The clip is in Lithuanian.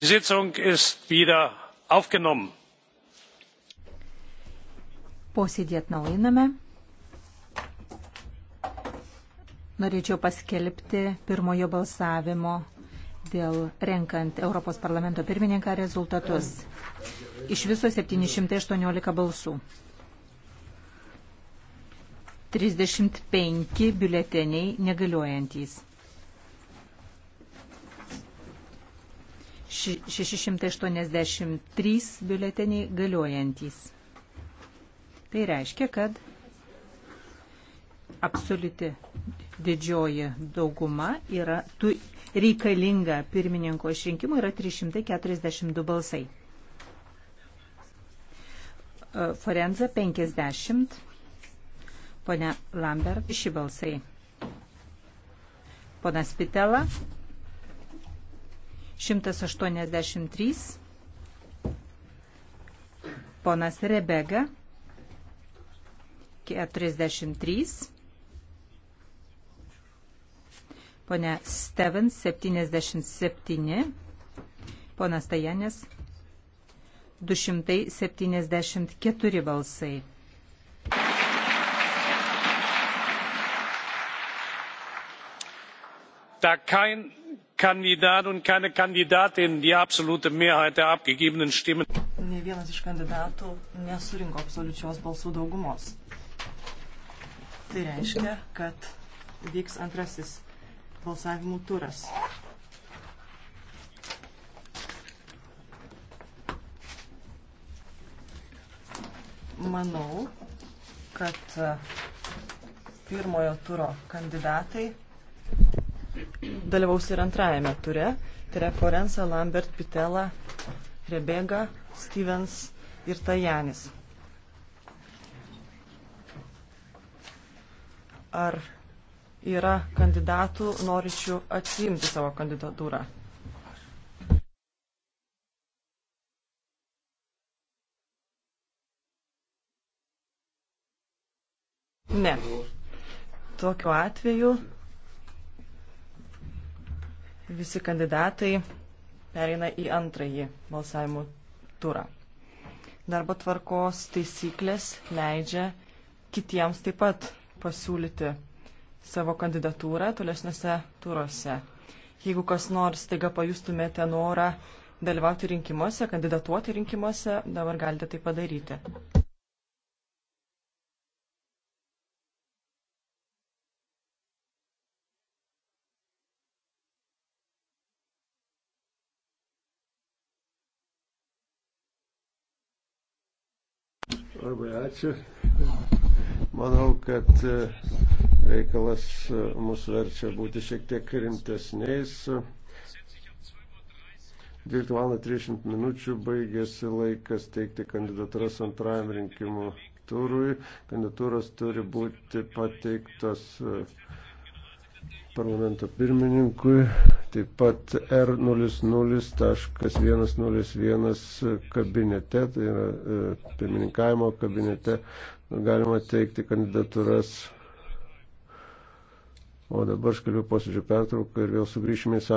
die sitzung ist wieder aufgenommen. posėdį atnaujiname. Norėčiau paskelbti pirmojo balsavimo dėl renkant Europos parlamento pirmininką rezultatus. Iš viso 718 balsų. 35 biuleteniai negaliojantys. 683 biuleteniai galiojantys. Tai reiškia, kad absoliuti didžioji dauguma yra tu, reikalinga pirmininko išrinkimui yra 342 balsai. E, Forenza 50, ponia Lambert 6 balsai. Ponas Pitela 183. Ponas Rebega. 43. Pone Steven 77. Ponas Tajanės 274 balsai. Da kein kandidat und keine kandidatin die absolute mehrheit der abgegebenen stimmen. Nė vienas iš kandidatų nesurinko absoliučios balsų daugumos. Tai reiškia, kad vyks antrasis balsavimų turas. Manau, kad pirmojo turo kandidatai dalyvaus ir antrajame ture. Tai yra Forensa, Lambert, Pitela, Rebega, Stevens ir Tajanis. Ar yra kandidatų noričių atsiimti savo kandidatūrą? Ne. Tokiu atveju Visi kandidatai pereina į antrąjį balsavimo turą. Darbo tvarkos taisyklės leidžia kitiems taip pat pasiūlyti savo kandidatūrą tolesniuose turuose. Jeigu kas nors taiga pajustumėte norą dalyvauti rinkimuose, kandidatuoti rinkimuose, dabar galite tai padaryti. Labai ačiū. Manau, kad e, reikalas e, mūsų verčia būti šiek tiek rimtesniais. 12 val. 30 minučių baigėsi laikas teikti kandidatūras antrajam rinkimų turui. Kandidatūros turi būti pateiktos e, parlamento pirmininkui taip pat R00.101 kabinete, tai yra e, pirmininkavimo kabinete, galima teikti kandidatūras. O dabar aš kalbėjau posėdžio pertrauką ir vėl sugrįšime į salę.